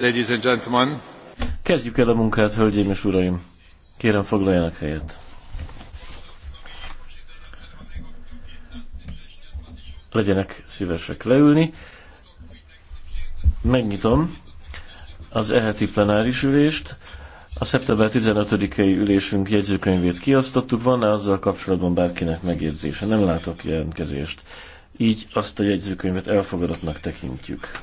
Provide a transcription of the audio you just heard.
Ladies and gentlemen. Kezdjük el a munkát, hölgyeim és uraim. Kérem, foglaljanak helyet. Legyenek szívesek leülni. Megnyitom az eheti plenáris ülést. A szeptember 15-i ülésünk jegyzőkönyvét kiasztottuk. Van-e azzal kapcsolatban bárkinek megjegyzése? Nem látok jelentkezést. Így azt a jegyzőkönyvet elfogadottnak tekintjük.